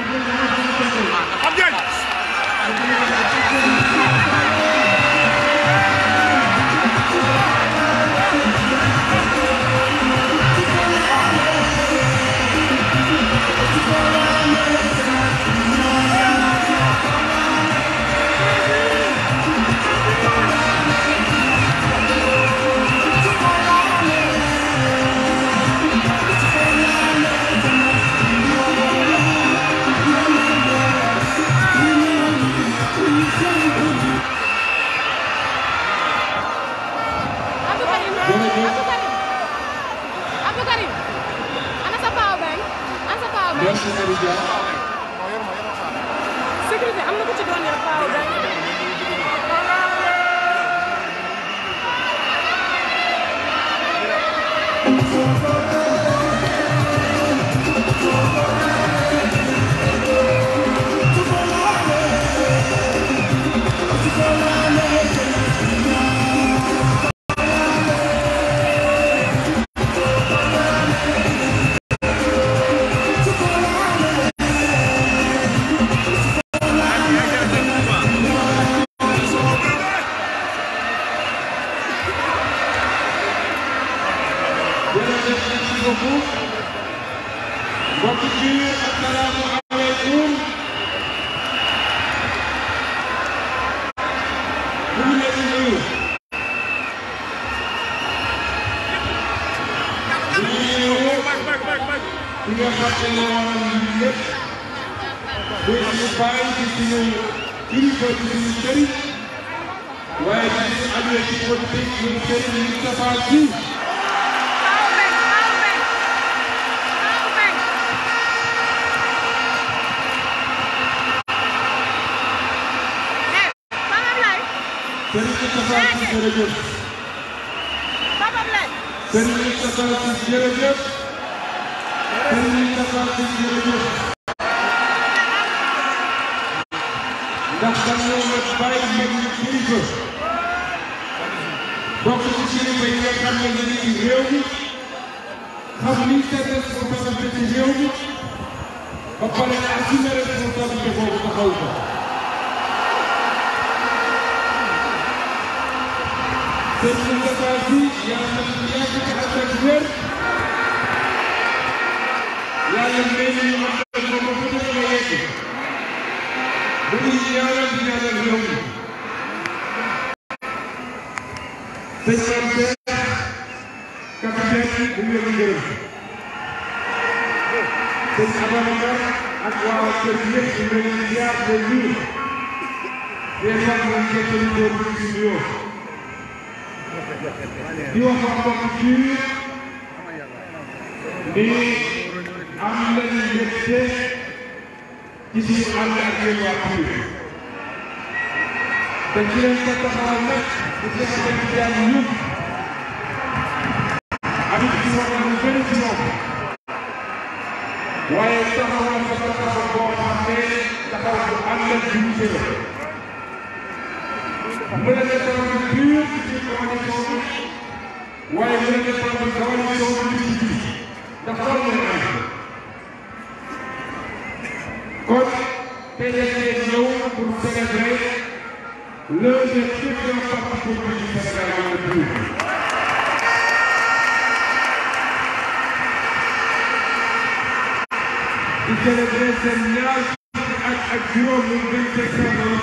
Thank you. merci beaucoup mbokk yi asalaamaaleykum ñu ngi leen di nuyu ñu ngi nuyu ki nga xam ne moo waral lii lépp muy suñu bàyyi di suñu kilifa di suñu sëriñ waaye di suñu amee ci politique suñu sëriñ ñu ngi Serigne Moustapha Ciss jërëjëf. Serigne Moustapha Ciss jërëjëf. Serigne Moustapha Ciss jërëjëf. ndax dañoo la bàyyi yéen ñu kilifa. bokk ci kilifa yi nga xam ne dañuy réew mi. xam liñ seen responsabilité ci réew mi. ba pare assumé responsabilité boobu taxawu ko. sëñ bi nga baal si yàlla yàgg ci ànd ak wér yàlla may ñu mën a mën a mën a yegg bu ñu yàlla di ñaanal réew mi. sëñ Mame Cheikh capitaine bu ngeen ngërëm sëñ Ababacar ak waa kër yëpp ñu ngi leen di jaar ba ñu. di wax ak mbokk fii ni am nañu mbégte ci suñu ànd ak yéen waa Pire te ci leen ko taxawal nag bu fekkee ne jaam ñëpp amit ci wax na lu bëri ci moom waaye taxawal ko taxawal boo xam ne taxawal bu ànd ak jullité la mën a nekkoon biir ci coalition waaye mën a nekkoon coalition bi ci biir ndax xam nga ay kon PDS ñëw pour célébrer l'un des plus grands partis politiques du Sénégal en République di célébrer seen ñaar ak ak juróom ñu ngi leen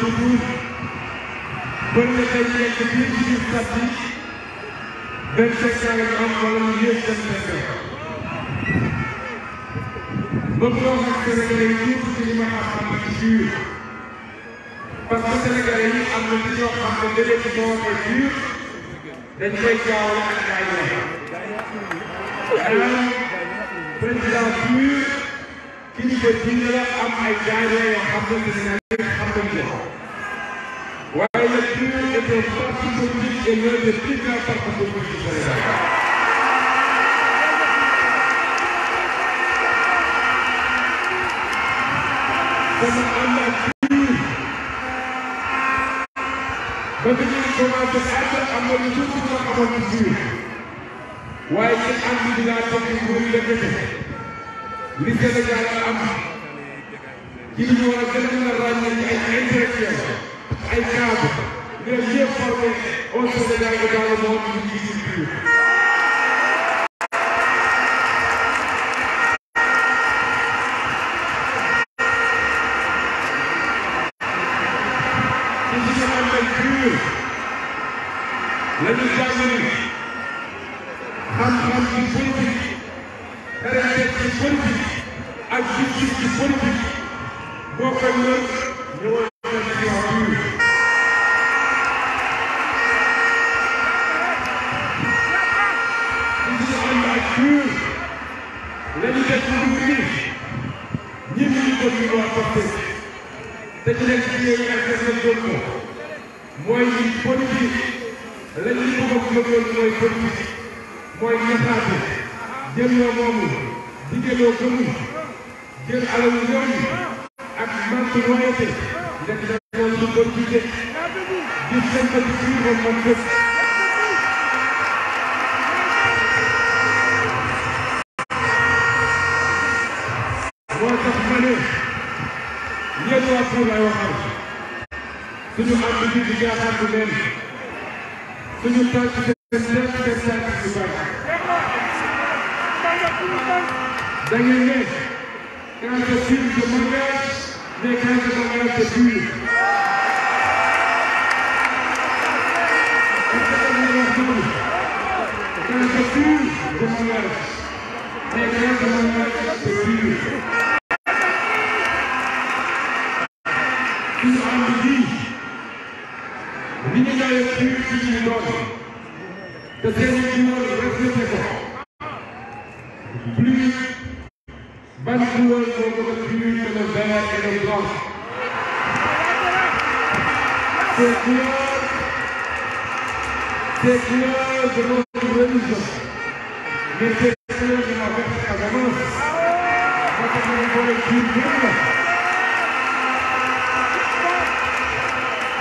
di bëri na tey ñu nekk biir biir sàtt yi vingt cinq ans la ñu am wala ñu yéeg seen nekk ba ñoo xam Sénégalais yi tuuti ci li ma xam am ci biir parce que Sénégalais yi am na ci ñoo xam ne léeg-léeg ci boo waxee biir dañ koy jaawale ak ay wax président biir kii bi am ay jaay yoo xam ne xam nañ ko est l'un des plus grands partis politiques du Sénégal. dama ànd ak kii ba bi ñuy commencé ànd am na lu tuuti ma amoon ci biir waaye ci ànd bi laa toog ci nguur yëkkati li Sénégal am ci ñu war a gën a ràññee ci ay intérêt ay cadre les mieux formés au Sénégal et dans le monde du sur l'éducation du ministre ñi ñu ko ñu doon porté te ci nekk ci yooyu ak seen doon mooy politique la ñu ko bëggoon mooy politique mooy jël loo moomu digeloo gëmu jël alalu réew mi ak manque loyauté nekk na loolu lu politique gis nañ ko ci suñu moom moom suñu ànd bi di jaaxal leen suñu tàcc seen tàcc seen tàcc yu bari. da ngeen ne quand je filme je m'engage mais quand je m'engage je fuis. quand je filme je m'engage mais quand je m'engage je fuis. bi ñu ñëwee fii ci ci doon te seen i góor respecté ko plus ban góor moo ko plus que le vert et le blanc. Ces couleurs, ces couleurs de notre religion, mais ces couleurs de la Casamance, parce que nous voulons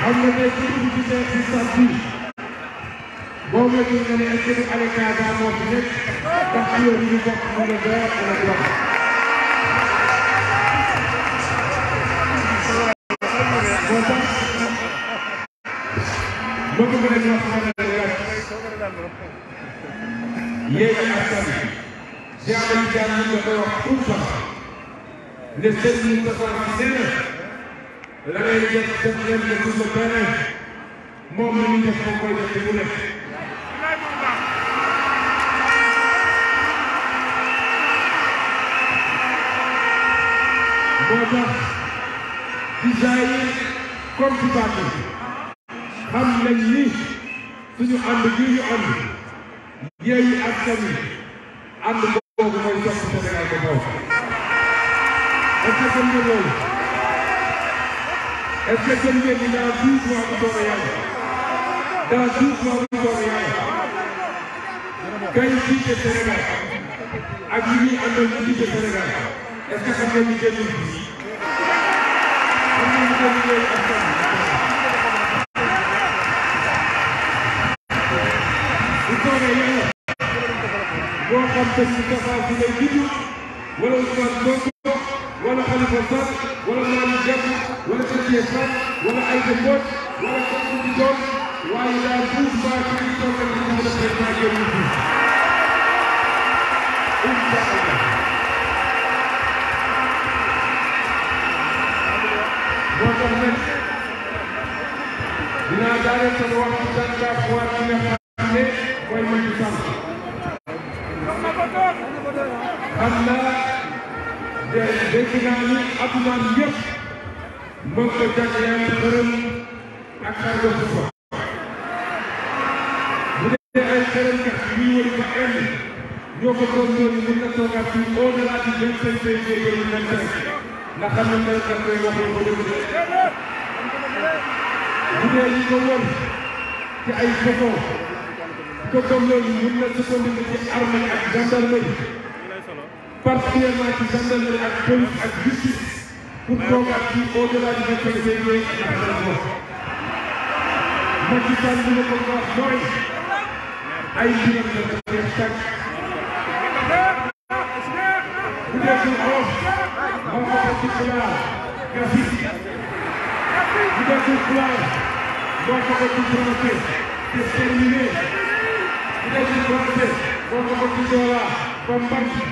xam nga tey ci dugg ci seen ci sax bi boo moytuwul nga ne est-ce que Aliou Kaaga moo fi nekk ndax ci yow ñu bokk mu ne dara dana ko wax. moo tax bëgg nga leen wax ma ne la yéen askan bi jaam yi jaam yi nga koy wax tout le temps ne seen ñu ko la ngay def def leen ne sur le terrain moom la ñuy def moom koy def bu nekk. moo tax disaay yi comme ci bàtt xam nañ ni suñu ànd bii ñu ànd Yewwi Askan Wi ànd boobu mooy jox Sénégal ko kaw. est-ce que loolu. est ce que gëm ngeen ni dans douze mois mu door a yàgg dans douze mois mu door a yàgg kañ fii ci Sénégal ak ñi ñuy àndal fii ci Sénégal est ce que xam ngeen ni génn xam ngeen ni génn ngeen askan bu dooree yàlla boo xam te ni Moustapha bi lay judd wala Ousmane Sonko wala Khalifa Sall wala Malick Gakou wala Tënkee Fap wala Aïda Mbodj wala kooku di doon waaye daal mouvement bi ñu toogal di ko def rek maa jëm ñu moo tax nag dinaa daal sama wax ci tàngaay bu war a ne xam ne mooy Macky Sall xam naa dégg naa ni adduna yëpp moom ko jagleel xërëm ak xar ba suufa bu dee ay xërëmkat yuy wër ba indi ñoo ko doon doon mën na toogaat ci au delà du vingt cinq février deux mille vingt cinq ndax xam na mel kat koy waxee ba dëgg bu dee yi ko wër ci ay foto ko doon loolu mën na sukkandiku ci armée ak gendarmerie particulièrement ci gendarmerie ak police ak justice pour convertir au-delà du 25 février ak affaire boobu. Macky Sall li ma ko wax mooy ay mbiram la ko def tàkk. bu dee ko xool moom moo ko ci xulaar graphique. bu dee ko xulaar moom moo ko ci promoté te terminé. bu dee ko promoté moom moo ko ci doola comme banque.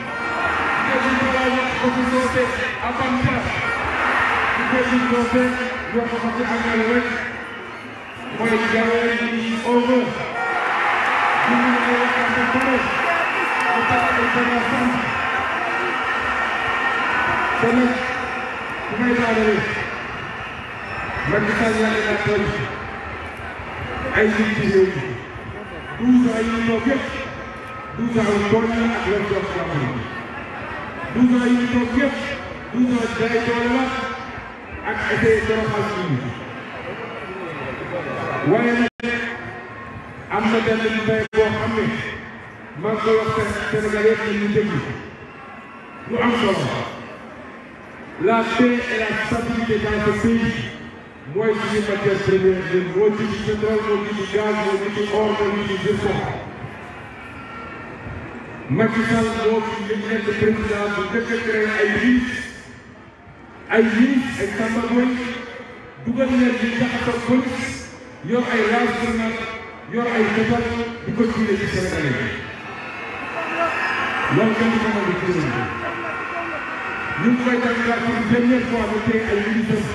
bu dee ko doola moom moo ko ci promoté à banque. ñu koy gis ñoo fekk ñoo ko fas yéene rek mooy jawe yi over. ñu ngi lay waxtaan ak pare ñu taxaw di ko wax sant. kon nag bu may laajalee man di saa yàlla naa toll ay nit ci réew mi. yi ñoo yëpp yi ak leen yi ñoo yëpp douze ans jaay ak essayé toroxal suñu waaye nag am na benn mbay boo xam ne maa ngi koy wax Sénégal yëpp ñu lu am solo la paix et la stabilité dans ce pays mooy suñu matière première bi moo ji ci pétrole moo ji ci gaz moo ji ci or moo ji ci zircon Macky ay riches ay juif ay sàmbaboy dugal leen di jaxasoo police yor ay raas grenade yor ay fetal di ko tuuree ci Sénégalais yi loolu kenn ko mën di tuuree ñu ngi koy tàggat pour première fois ba tey ay militants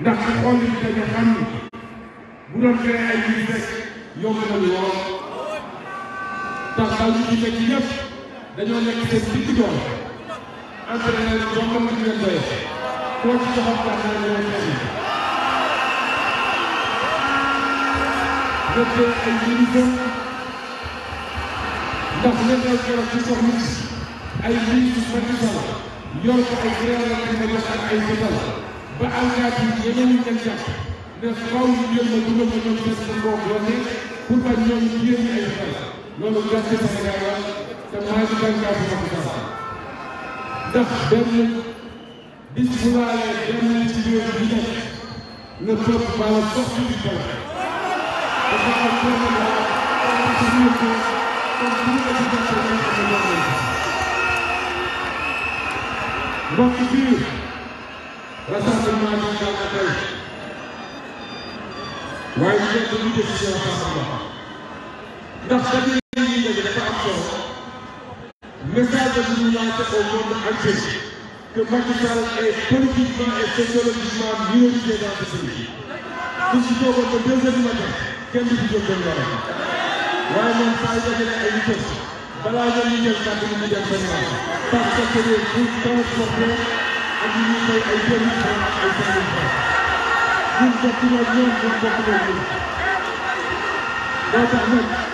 ndax ku xool li dañu xam bu doon créé ay militants yomb na lool tax daal ñu ci nekk ñëpp dañoo nekk seen digg doole entraîneur bi ba mu mën a koo ci joxoon kàddu la ñu ay militants ndax li nga keroog ci soxna ay militants partisans yor ko ay réew ak ay bëtal ba alkaati yi yeneen yi ngeen jàpp ne faaw ñu jël ma dugal ma ñoom seen seen bopp doole pour que ñoom ñu yéen ay bëtal loolu gàcce Sénégal la te maa ngi gàncax bu ndax benn bis bu laalee benn ci biir bi nekk na topp bala dox ci di dal dafa am benn laa ci biir ko comme bu ñu ko jàppee ñu ko loolu mbokk biir rassemblement bi nga ma tey waaye ñu nekk ñu def ci seen rassemblement ndax message que nous lançons au monde entier que Macky Sall est politiquement et sociologiquement minorisé dans ce pays. bu si toogoon ba deux heures du matin kenn du si jóg dem lool waaye moom saa yu dajale ay nit balaa ngeen ñu jël kàddu gi ñu dem benn waaw parce que les pour transporter ak ñu ñu koy ay deux mille francs ak ay cinq mille francs ñun bokk na ñoom ñun bokk na ñun moo tax nag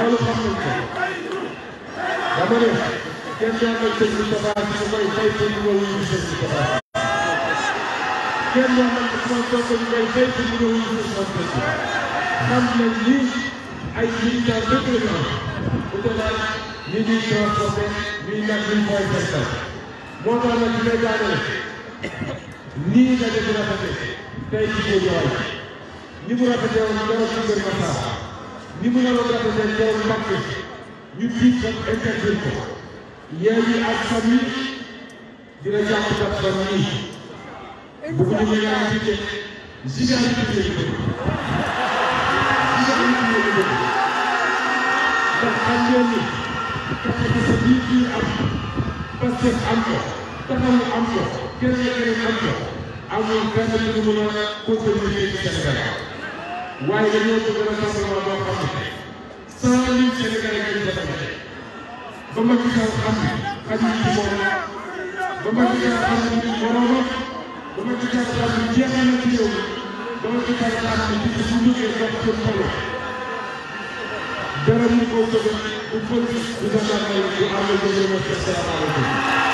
loolu xam nañ ko dama ne kenn doon na sëñ Moustapha ñu koy fay pour ñu wuyu sëñ Moustapha kenn doon na Ousmane Sonko ñu koy fay pour ñu wuyu sëñ Moustapha xam nañ ni ay militants dëkk la ñu am bu ko daal ñu ñuy transformé ñuy nag ñu koy festal moo tax nag ñu koy daaneel nii nga def rafetee tey ci géej waay ni mu rafetee woon dara ci Kër Massar ni mu naroon représenter Mbacké ñu tiit ko interdire ko Yewwi Askan Wi dina jàpp kat nii bu ñu ñëwaat ci ndax xam ngeen ni capacité bii kii am Pastef am ko taxawu am ko keneen keneen am ko amul benn lu mën a continuer waaye dañoo bëgg rassemblement boo xam ne cent ba xam ne xajul ci moom ba Macky Sall xam ne ci moroomam ba Macky Sall xam ne jeexal na ci réew mi ba Macky Sall ne ci bu jógee dox ko falo dara mu ko gën bu bëgg du damaa du am lu gën